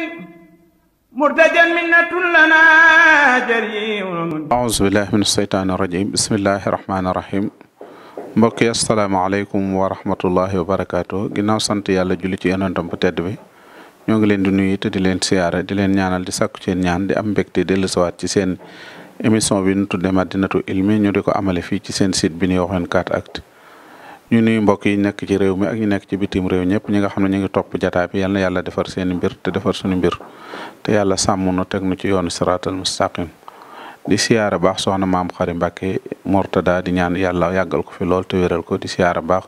a minnatun lana jariun aouzu billahi min asheytaani irajim bismillahi rahmaani rahim mbokk yi asalaamaaleykum wa rahmatullahi wa barakaatu ginnaaw sant yàlla juli ci yonentam bu tedd bi ñoo ngi leen di nuyu te di leen siyaare di leen ñaanal di sàkku seen ñaan di am mbégte dellusiwaat ci seen émission bi ñu tudde Madinatu Ilmi ñu di ko amale fii ci seen sit bi ñuy wax 24 ñu nuyu mbokk yi nekk ci réew mi ak ñu nekk ci bitim réew ñëpp ñi xam ne ñu ngi topp jataay bi yal na yàlla defar seen mbir te defar suñu mbir te yàlla sàmm nu teg nu ci yoonu siraatal mustaqim di siyaara baax soxna maam xari Mbàkke daal di ñaan yàlla yàggal ko fi lool te wéral ko di siyaara baax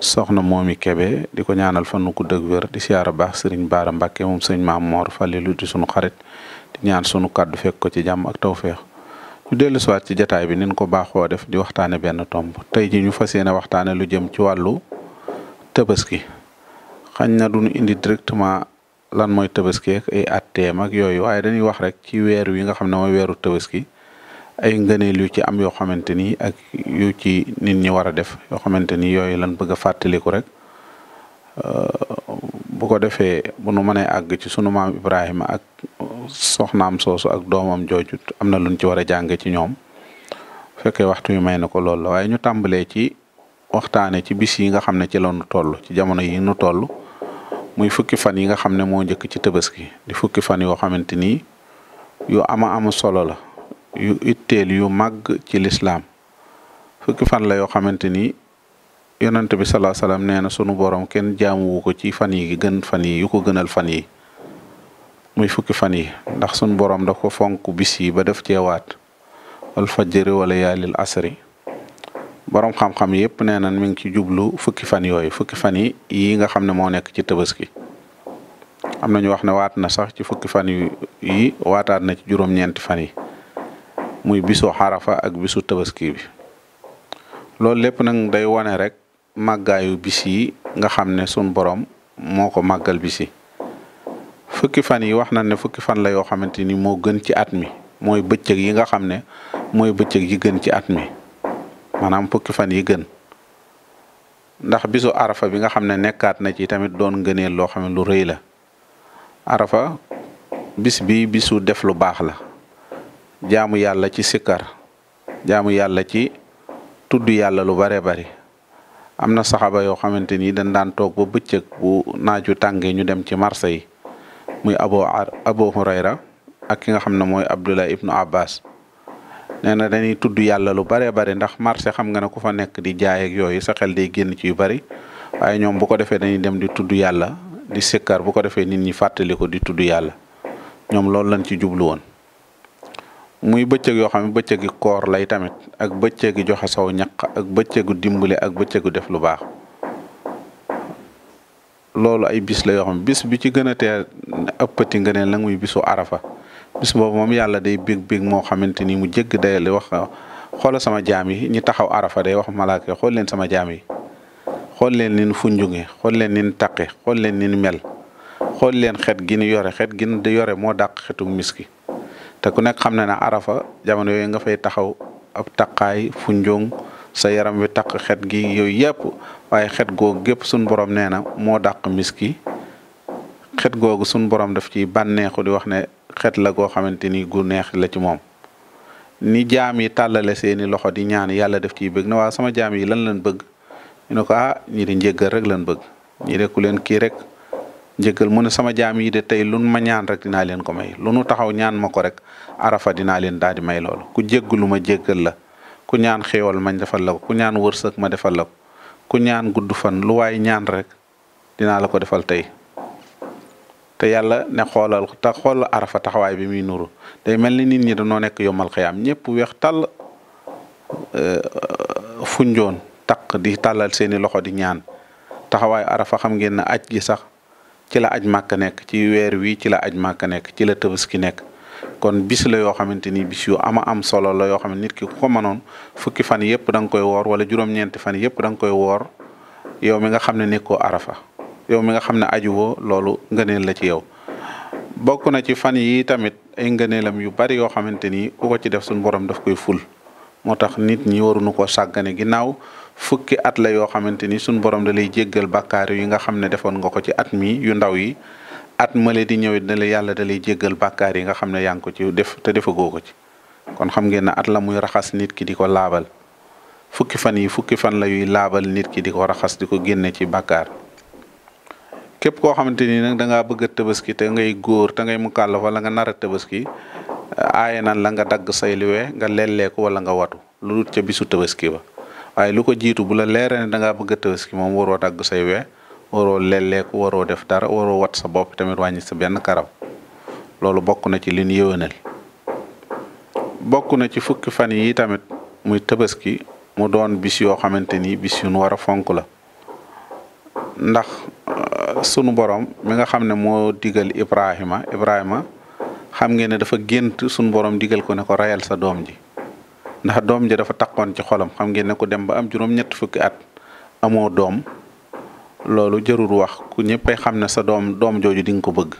soxna moomi Kebe di ko ñaanal fan nu gudd ak wér di siyaara baax sëriñ Baara Mbàkke moom sëriñ maam Moor Falilu di sunu xarit di ñaan sunu kàddu fek ko ci jàmm ak feex ñu dellu siwaat ci jataay bi nin ko baaxoo def di waxtaane benn tomb tey ji ñu fas yéene waxtaane lu jëm ci wàllu tabaski xañ na duñu indi directement lan mooy tabaski ak ay atteem ak yooyu waaye dañuy wax rek ci weer wi nga xam ne mooy weeru tabaski ay ngëneel yu ci am yoo xamante ni ak yu ci nit ñi war a def yoo xamante ni yooyu lan bëgg a fàttaliku rek bu ko defee bu nu mënee àgg ci sunu maam Ibrahima ak soxnaam soosu ak doomam jooju am na luñ ci war a jàng ci ñoom bu waxtu wi may na ko lool la waaye ñu tàmbalee ci waxtaane ci bis yi nga xam ne ci la nu toll ci jamono yi nu toll muy fukki fan yi nga xam ne moo njëkk ci Tabaski di fukki fan yoo xamante ni yu ama am solo la yu itteel yu mag ci lislaam fukki fan la yoo xamante ni yonent bi salaa salaam nee na sunu boroom kenn jaamuwu ko ci fan yi gën fan yi yu ko gënal fan yi muy fukki fan yi ndax sunu borom daf ko fonk bis yi ba def ceewaat wal fajjari wala yaalil asri borom xam-xam yëpp nee na mi ngi ci jublu fukki fan yooyu fukki fan yi yi nga xam ne moo nekk ci tabaski am na ñu wax ne waat na sax ci fukki fan yi waataat na ci juróom-ñeenti fan yi muy biso xarafa ak bisu tabaski bi loolu lépp nag day wane rek màggaayu bis yi nga xam ne sun borom moo ko màggal bisi yi fukki fan yi wax na ne fukki fan la yoo xamante ni moo gën ci at mi mooy bëccëg yi nga xam ne mooy bëccëg yi gën ci at mi maanaam fukki fan yi gën ndax bisu arafa bi nga xam ne nekkaat na ci tamit doon ngëneel loo xam lu rëy la arafa bis bi bisu def lu baax la jaamu yàlla ci sikkar jaamu yàlla ci tudd yàlla lu bare bari am na saxaaba yoo xamante ni dañ daan toog ba bëccëg bu naaju tàngee ñu dem ci marché yi muy abo abo hurayra ak ki nga xam ne mooy abdullah ibnu abbas nee na dañuy tudd yàlla lu baree bari ndax marché xam nga ne ku fa nekk di jaay yooyu sa xel day génn ci yu bari waaye ñoom bu ko defee dañuy dem di tudd yàlla di sikkar bu ko defee nit ñi fàttali ko di tudd yàlla ñoom loolu lañ ci jublu woon muy bëccëg yoo xam ne bëccëgi koor lay tamit ak bëccëgi joxe saw ñaq ak bëccëgu dimbali ak bëccëgu def lu baax loolu ay bis la yoo xam bis bi ci gën a tee ëppati nga ne la muy bisu arafa bis boobu moom yàlla day bég bég moo xamante ni mu jégg day li wax xoolal sama jaam yi ñi taxaw arafa day wax malaaka xool leen sama jaam yi xool leen nin funjunge xool leen nin taqe xool leen nin mel xool leen xet gi ni yore xet gi ni yore moo dàq xetu miski te ku nekk xam na ne arafa jamono yooyu nga fay taxaw ab taqaay fu njóong sa yaram wi taq xet gi yooyu yépp waaye xet googu gépp suñ boroom nee na moo dàq miski xet googu suñ borom daf ci banneexu di wax ne xet la goo xamante ni gu neex la ci moom ni jaam yi tàllale seeni loxo di ñaan yàlla def ci bëgg na waa sama jaam yi lan lan bëgg ñu ne ko ah ñii di rek lan bëgg ñii ku leen kii njëggal mu ne sama jaam yi de tey lu ma ñaan rek dinaa leen ko may lu taxaw ñaan ma ko rek arafa dinaa leen daal di may loolu ku jéggalu ma jéggal la ku ñaan xéewal mañ defal la ku ñaan wërsëg ma defal la ku ñaan gudd fan lu waay ñaan rek dinaa la ko defal tey te yàlla ne xoolal te xool arafa taxawaay bi muy nuru day mel ni nit ñi dañoo nekk yomal xiyaam ñëpp weex tàll euh, funjoon taq di tàllal seeni loxo di ñaan taxawaay arafa xam ngeen ne aj gi sax ci la aj màkk nekk ci weer wi ci la aj màkk nekk ci la tabaski nekk kon bis la yoo xamante ni bis yu ama am solo la yoo xam ne nit ki ku ko mënoon fukki fan yëpp danga koy woor wala juróom-ñeenti fan yëpp danga koy woor yow mi nga xam ne nekkoo arafa yow mi nga xam ne aju woo loolu ngëneel la ci yow. bokk na ci fan yi tamit ay ngëneelam yu bari yoo xamante ni ko ci def suñu borom daf koy ful moo tax nit ñi waruñu ko sàggane ginnaaw. fukki at la yoo xamante ni sunu borom da lay jéggal bàkkaar yi nga xam ne defoon nga ko ci at mii yu ndaw yi at male di ñëwit da yàlla da lay jéggal bàkkaar yi nga xam ne yaa ngi ko ci def te defagoo ko ci kon xam ngeen ne at la muy raxas nit ki di ko laabal fukki fan yi fukki fan la yuy laabal nit ki di ko raxas di ko génne ci bàkkaar képp koo xamante ni nag da ngaa bëgg a tabaski te ngay góor te ngay mukallaf wala nga nar a tabaski aaye nan la nga dagg say liwee nga lelleeku wala nga watu lu ca bisu tabaski ba waaye lu ko jiitu bu la leeree ne da ngaa bëgg a tabaski moom waroo dagg say we waroo lelleeku waroo def dara waroo wat sa bopp tamit wàññi sa benn karaw loolu bokk na ci li ñu yëwénal bokk na ci fukki fan yi tamit muy tabaski mu doon bis yoo xamante ni bis war a fonk la ndax euh, sunu borom mi nga xam ne moo digal Ibrahima Ibrahima xam ngeen ne dafa gént sunu borom digal ko ne ko rayal sa doom ji ndax doom ja dafa takkoon ci xolam xam ngeen ne ku dem ba am juróom-ñett fukki at amoo doom loolu jarul wax ku ñëppay xam ne sa doom doom jooju di nga ko bëgg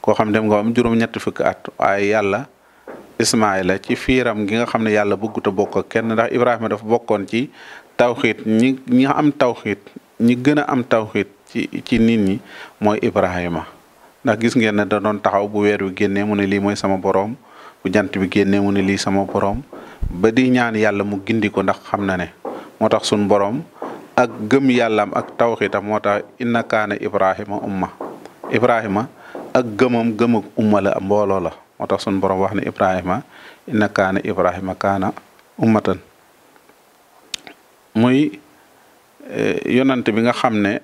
koo xam dem nga am juróom-ñett fukki at waaye yàlla Ismaayla ci fiiram gi nga xam ne yàlla bëggut a bokk ak kenn ndax Ibrahima dafa bokkoon ci tawxiit ñi ñi am tawxiit ñi gën a am tawxiit ci ci nit ñi mooy Ibrahima ndax gis ngeen ne da doon taxaw bu weer wi génnee mu ne lii mooy sama boroom bu jant bi génnee mu ne lii sama boroom ba di ñaan yàlla mu gindi ko ndax xam na ne moo tax sunu borom ak gëm yàllaam ak tawxitam moo tax inna kaana Ibrahima umma Ibrahima ak gëmam gëm ak umma la mbooloo la moo tax sunu borom wax ne Ibrahima inna kaana Ibrahima kaana ummatan muy e, yonant bi nga xam ne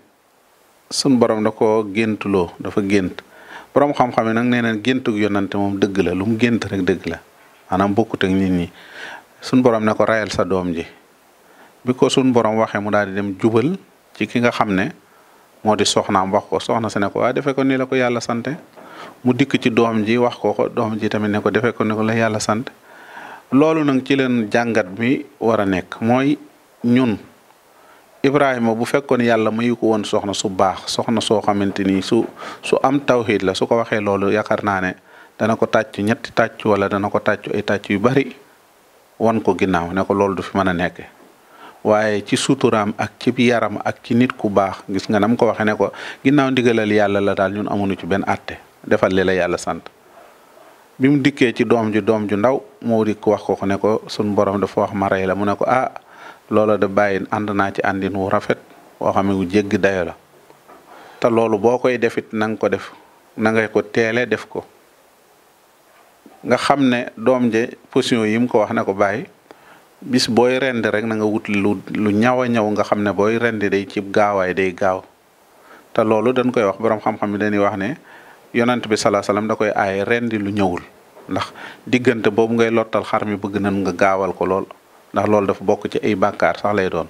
sunu borom da ko géntuloo dafa gént borom xam-xam yi nag nee na géntug yonante moom dëgg la lu gént rek dëgg la. maanaam bokkut ak nit ñi suñ borom ne ko rayal sa doom ji bi ko suñ borom waxee mu daal di dem jubal ci ki nga xam ne moo di soxnaam wax ko soxna si ne ko waaye ah, defee ko nii la ko yàlla sante mu dikk ci doom ji wax ko doom ji tamit ne ko defee ko ko la yàlla sant loolu nag ci leen jàngat bi war a nekk mooy ñun Ibrahima bu fekkoon yàlla mayu ko woon soxna su baax soxna soo xamante ni su su am tawxiid la su ko waxee loolu yaakaar naa ne. dana ko tàcc ñetti tàcc wala dana ko tàcc ay tàcc yu bari wan ko ginnaaw ne ko loolu du fi mën a nekk waaye ci suuturam ak ci yaram ak ci nit ku baax gis nga nam ko waxee ne ko ginnaaw ndigalal yàlla la daal ñun amuñu ci benn àtte defal le la yàlla sant bi mu dikkee ci doom ju doom ju ndaw moo dikk wax ko ko ne ko sun borom dafa wax ma rey la mu ne ko ah loolo de bàyyi ànd naa ci àndin wu rafet woo xam ne wu jéggi dayo la te loolu boo koy defit na nga ko def na ko teele def ko nga xam ne doom je position yi mu ko wax ne ko bàyyi bis booy rendi rek na nga wut lu lu ñaw a ñaw nga xam ne booy rendi day cib gaawaay day gaaw te loolu dañ koy wax borom xam-xam yi dañuy wax ne yonent bi salaa salaam da koy aaye rendi lu ñëwul ndax diggante boobu ngay lottal xar mi bëgg nan nga gaawal ko lool ndax loolu dafa bokk ci ay bàkkaar sax lay doon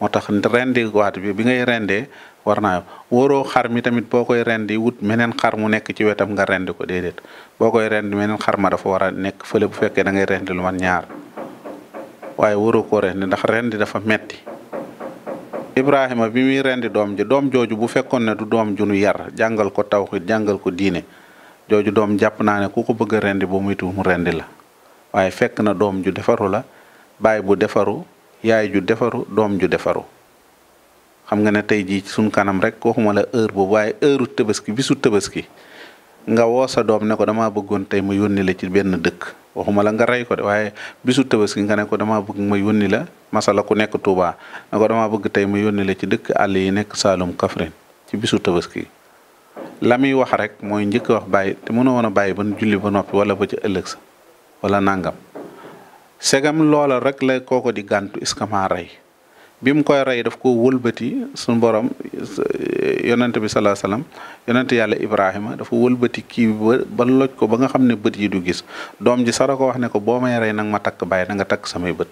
moo tax rendi waat bi bi ngay rendee war naa waroo xar mi tamit boo koy rendi wut meneen xar mu nekk ci wetam nga rendi ko déedéet boo koy rendi meneen xar ma dafa war a nekk fële bu fekkee da ngay rendi lu man ñaar waaye wóoroo ko rendi ndax rendi dafa metti Ibrahima bi muy rendi doom ji doom jooju bu fekkoon ne du doom ju nu yar jàngal ko tawxiid jàngal ko diine jooju doom jàpp naa ne ku ko bëgg rendi boo muy tuum mu rendi la waaye fekk na doom ju defaru la baay bu defaru yaay ju defaru doom ju defaru xam nga ne tey jii suñ kanam rek waxuma la heure boobu waaye heure tëbaski bisu tëbaski nga woo sa doom ne ko damaa bëggoon tey ma yónni la ci benn dëkk waxuma la nga rey ko de waaye bisu tëbaski nga ne ko damaa bëgg ma yónni la masala ku nekk Touba ne ko damaa bëgg tey ma yónni la ci dëkk àll yi nekk Saalum Kaffrine ci bisu tëbaski la muy wax rek mooy njëkk wax bàyyi te mënoo woon a bàyyi ban julli ba noppi wala ba ca ëllëg sa wala nangam segam loola rek la kooko di gàntu iskamaa rey bi mu koy rey daf ko wëlbati suñu borom yonent bi salaa salaam yonent yàlla Ibrahima dafa wëlbati kii ba ba loj ko ba nga xam ne bët yi du gis doom ji sara ko wax ne ko boo may rey nang ma takk bàyyi na nga takk samay bët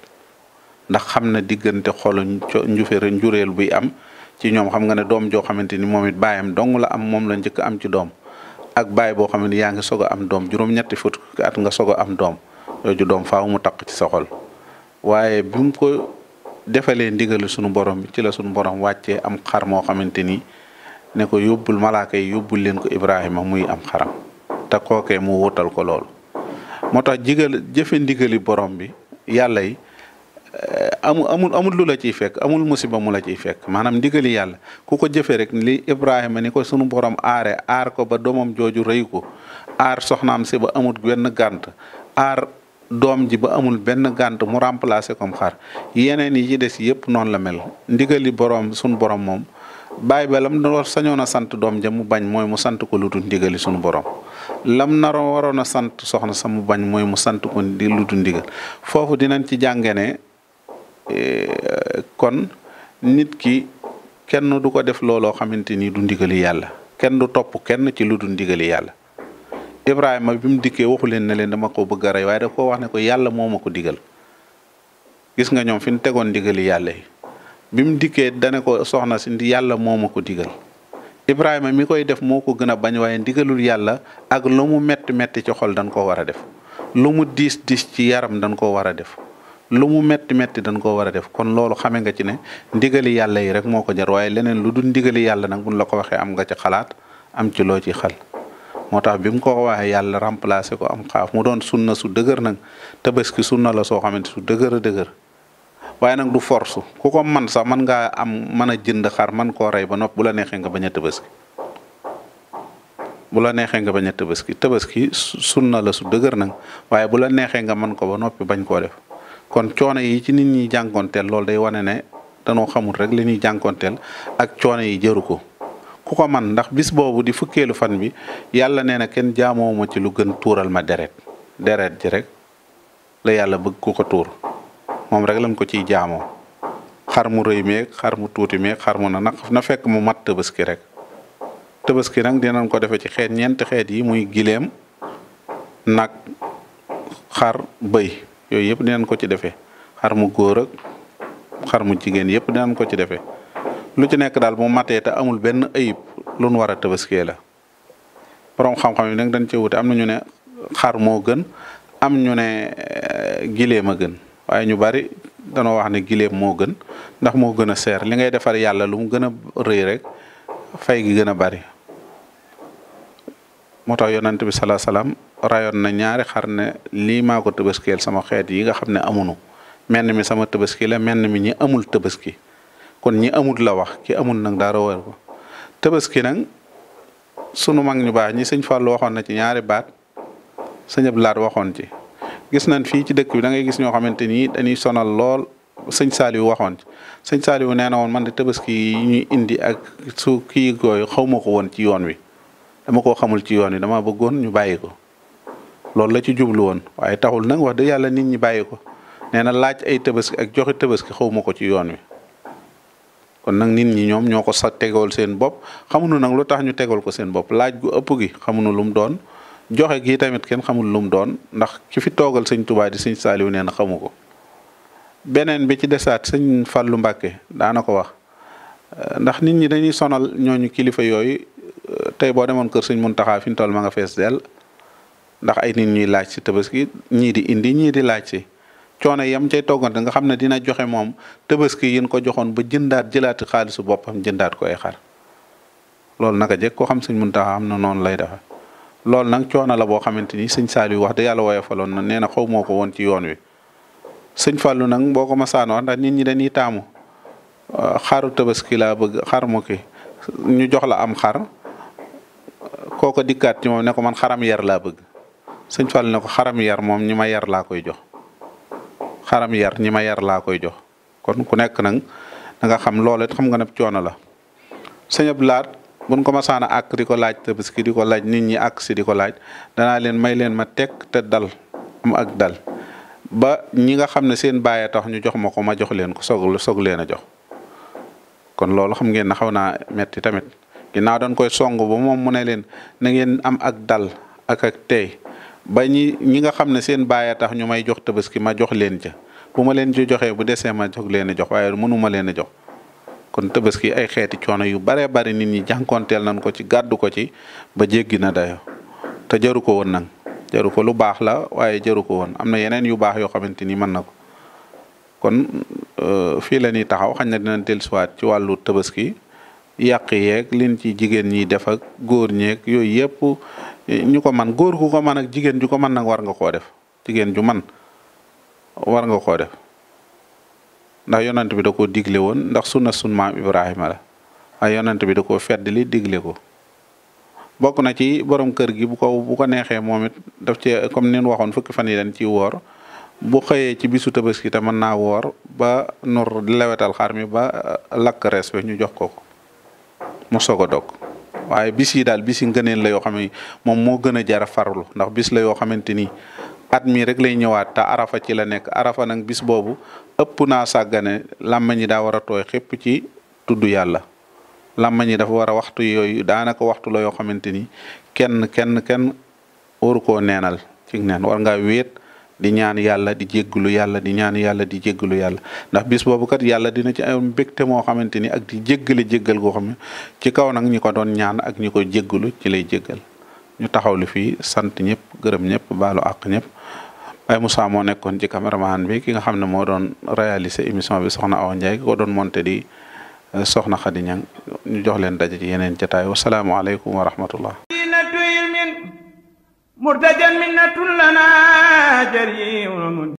ndax xam na diggante xolu njufere njureel bi am ci ñoom xam nga ne doom joo xamante ni moom it baayam dong la am moom la njëkk am ci doom ak baay boo xam ne yaa ngi soog a am doom juróom-ñetti fukki at nga soog a am doom yooju doom faaw mu takk ci sa defalee ndigalu sunu borom ci la sunu borom wàccee am xar moo xamante ni ne ko yóbbul malaaka yi yóbbul leen ko Ibrahima muy am xaram te kooke mu wutal ko lool moo tax jigal jëfe ndigali borom bi yàlla yi eh, amul amul amul lu la ciy fekk amul musiba mu la ciy fekk maanaam ndigali yàlla ku ko jëfee rek li Ibrahima ni ko sunu borom aare aar ko ba doomam jooju rëyu ko aar soxna am ba amut benn gànt aar doom ji ba amul benn gànt mu remplacer comme xar yeneen yi ci des yëpp noonu la mel ndigali borom sunu borom moom baay ba lam doon sañoon a sant doom ja mu bañ mooy mu sant ko lu dul ndigali sunu borom lam naroon waroon a sant soxna sa mu bañ mooy mu sant ko di lu dul ndigal foofu dinañ ci jàngane eh, kon nit ki kenn du ko def looloo xamante ni du ndigali yàlla kenn du topp kenn ci lu dul ndigali yàlla. Ibrahima bi mu dikkee waxu leen ne leen dama ko bëgg a rey waaye daf koo wax ne ko yàlla moo ma ko digal gis nga ñoom fi ñu tegoon digali yàlla yi bi dikkee dane ko soxna si yàlla moo ma ko digal Ibrahima mi koy def moo ko gën a bañ waaye ndigalul yàlla ak lu mu métti métti ci xol dañ ko war a def lu mu diis diis ci yaram dañ koo war a def lu mu metti metti dañ ko war a def kon loolu xamee nga ci ne ndigali yàlla yi rek moo ko jar waaye leneen lu dul ndigali yàlla nag bu buñ la ko waxee am nga ci xalaat am ci loo ci xal moo tax bi mu ko waxee yàlla remplacé ko am xaaf mu doon na su dëgër nag tabaski na la soo xamante su dëgër dëgër waaye nag du force ku ko man sax man ngaa am mën a jënd xar man koo rey ba nopp bu la neexee nga bañ a tabaski bu la neexee nga bañ a tabaski tabaski sunna la su dëgër nag waaye bu la neexee nga man ko ba noppi bañ koo def kon coono yi ci nit ñi jànkoonteel loolu day wane ne danoo xamul rek li ñuy jànkoonteel ak coono yi jëru ko ku ko man ndax bis boobu di fukkeelu fan bi yàlla nee na kenn jaamoo ma ci lu gën tuural ma deret deret ji rek la yàlla bëgg ku ko tuur moom rek lañ ko ciy jaamoo xar mu rëy meeg xar mu tuuti meeg xar mu na na fekk mu mat tëbaski rek tëbaski nag dinañ ko defee ci xeet ñeenti xeet yi muy gileem nag xar bëy yooyu yëpp dinañ ko ci defee xar mu góor ak xar mu jigéen yëpp dinañ ko ci defee lu ci nekk daal mu matee te amul benn ayib lu nu war a tabaskiyee la borom xam-xam yi nag dañ cee wute am na ne xar moo gën am ñu ne eh, gileem a gën waaye ñu bari danoo wax ne gileem moo gën ndax moo gën a seer li ngay defar yàlla lu mu gën a rëy rek fay gi gën a bari. moo tax yonent bi salaa salaam rayoon na ñaari xar lii maa ko sama xeet yi nga xam ne amuñu menn mi sama tabaski la menn mi ñi amul tabaski. kon ñi amut la wax ki amul nag dara war ko tabaski nag sunu mag ñu baax ñi sëñ Fallou waxoon na ci ñaari baat sëñ laat waxoon ci gis nan fii ci dëkk bi dangay gis ñoo xamante ni dañuy sonal lool sëñ Saliou waxoon ci sëñ Saliou nee na woon man de tabaski yi ñuy indi ak su kii koy xawma ko woon ci yoon wi dama ko xamul ci yoon wi dama bëggoon ñu bàyyi ko loolu la ci jublu woon waaye taxul nag wax dëgg yàlla nit ñi bàyyi ko nee na laaj ay tabaski ak joxe tabaski xaw ko ci yoon wi kon nag nit ñi ñoom ñoo ko sa tegool seen bopp xamuñu nag lu tax ñu tegool ko seen bopp laaj gu ëpp gi xamuñu lu mu doon joxe gi tamit kenn xamul lu mu doon ndax ki fi toogal sëñ Tuubaa di sëñ Saaliw neen xamu ko beneen bi ci desaat sëñ Fallu Mbàkke daana ko wax euh, ndax nit ñi dañuy sonal ñooñu kilifa yooyu euh, tey boo demoon kër sëñ Muntaxaa fi mu toll ma nga fees dell ndax ay nit ñi laaj si tabaski ñii di indi ñii di laaj si coono yam cay toggante nga xam ne dina joxe moom tabaski yin ko joxoon ba jëndaat jëlaat xaalisu boppam jëndaat ko ay xar loolu naka jëkk ko xam sëñ Muntaxa am na noonu lay defe loolu nag coono la boo xamante ni sëñ saal Saliou wax dëgg yàlla woyofaloon na nee na xaw moo ko woon ci yoon wi sëñ Fallou nag boo ko masaan wax nit ñi dañuy taamu ah, xaru tabaski laa bëgg xar ñu jox la am xar kooko dikkaat ci moom ne man xaram yar laa bëgg sëñ Fallou ne ko xaram yar moom ñi ma yar laa koy jox xaram yar ñi yar laa koy jox kon ku nekk nag da nga xam loolu xam nga ne coono la sëñ Abdou Lahad buñ ko masaan a àkk di ko laaj tabaski di ko laaj nit ñi ak si di ko laaj danaa leen may leen ma tekk te dal am ak dal ba ñi nga xam ne seen bàyyee tax ñu jox ma ko ma jox leen ko soog soog leen a jox kon loolu xam ngeen na xaw naa metti tamit ginnaaw dañ koy song ba moom mu ne leen na ngeen am ak dal ak ak tey ba ñi ñi nga xam ne seen baay a tax ñu may jox tabaski ma jox leen ca bu ma leen ci joxee bu desee ma jox leen a jox waaye mënuma leen a jox kon tabaski ay xeeti coono yu baree bari nit ñi jànkoonteel nañ ko ci gàddu ko ci ba jéggi na dayo te jaru ko woon nag jaru ko lu baax la waaye jaru ko woon am na yeneen yu baax yoo xamante ni mën na ko kon euh, fii la ñuy taxaw xañ na dina dellusiwaat ci wàllu tabaski yàq yeeg lin ci jigéen ñi def ak góor ñeeg yooyu yëpp ñu ko man góor ku ko man ak jigéen ju ko man nag war nga koo def jigéen ju man war nga koo def ndax yonant bi da ko digle woon ndax sunna sun maam Ibrahima la waaye yonent bi da koo feddali digle ko bokk na ci borom kër gi bu ko bu ko neexee moom it daf ci comme nin waxoon fukki fan yi dañ ciy woor bu xëyee ci bisu tabaski te mën naa woor ba nur lewetal xar mi ba lakk res ñu jox ko ko mu soog a dog waaye bis yi daal bis yi ngëneel la yoo xam ne moom moo gën a jar a ndax bis la yoo xamante ni at mi rek lay ñëwaat te arafa ci la nekk arafa nag bis boobu ëpp naa sàggane làmmañ ñi daa war a tooy xépp ci tudd yàlla làmmañ ñi dafa war a waxtu yooyu daanaka waxtu la yoo xamante ni kenn kenn kenn waru koo neenal ci neen war ngaa wéet di ñaan yàlla di jéggalu yàlla di ñaan yàlla di jéggalu yàlla ndax bis boobu kat yàlla dina ci am mbégte moo xamante ni ak di jéggale jéggal goo xam ne ci kaw nag ñi ko doon ñaan ak ñi ko jéggalu ci lay jéggal ñu taxaw lu fii sant ñëpp gërëm ñëpp baalu àq ñëpp Baye Moussa moo nekkoon ci caméraman bi ki nga xam ne moo doon réalisé émission bi soxna Awa Ndiaye ki ko doon monté di euh, soxna Khady Niang ñu jox leen daje ci yeneen jotaay wa salaamu aleykum wa rahmatullah murtajan minnatun lana jariun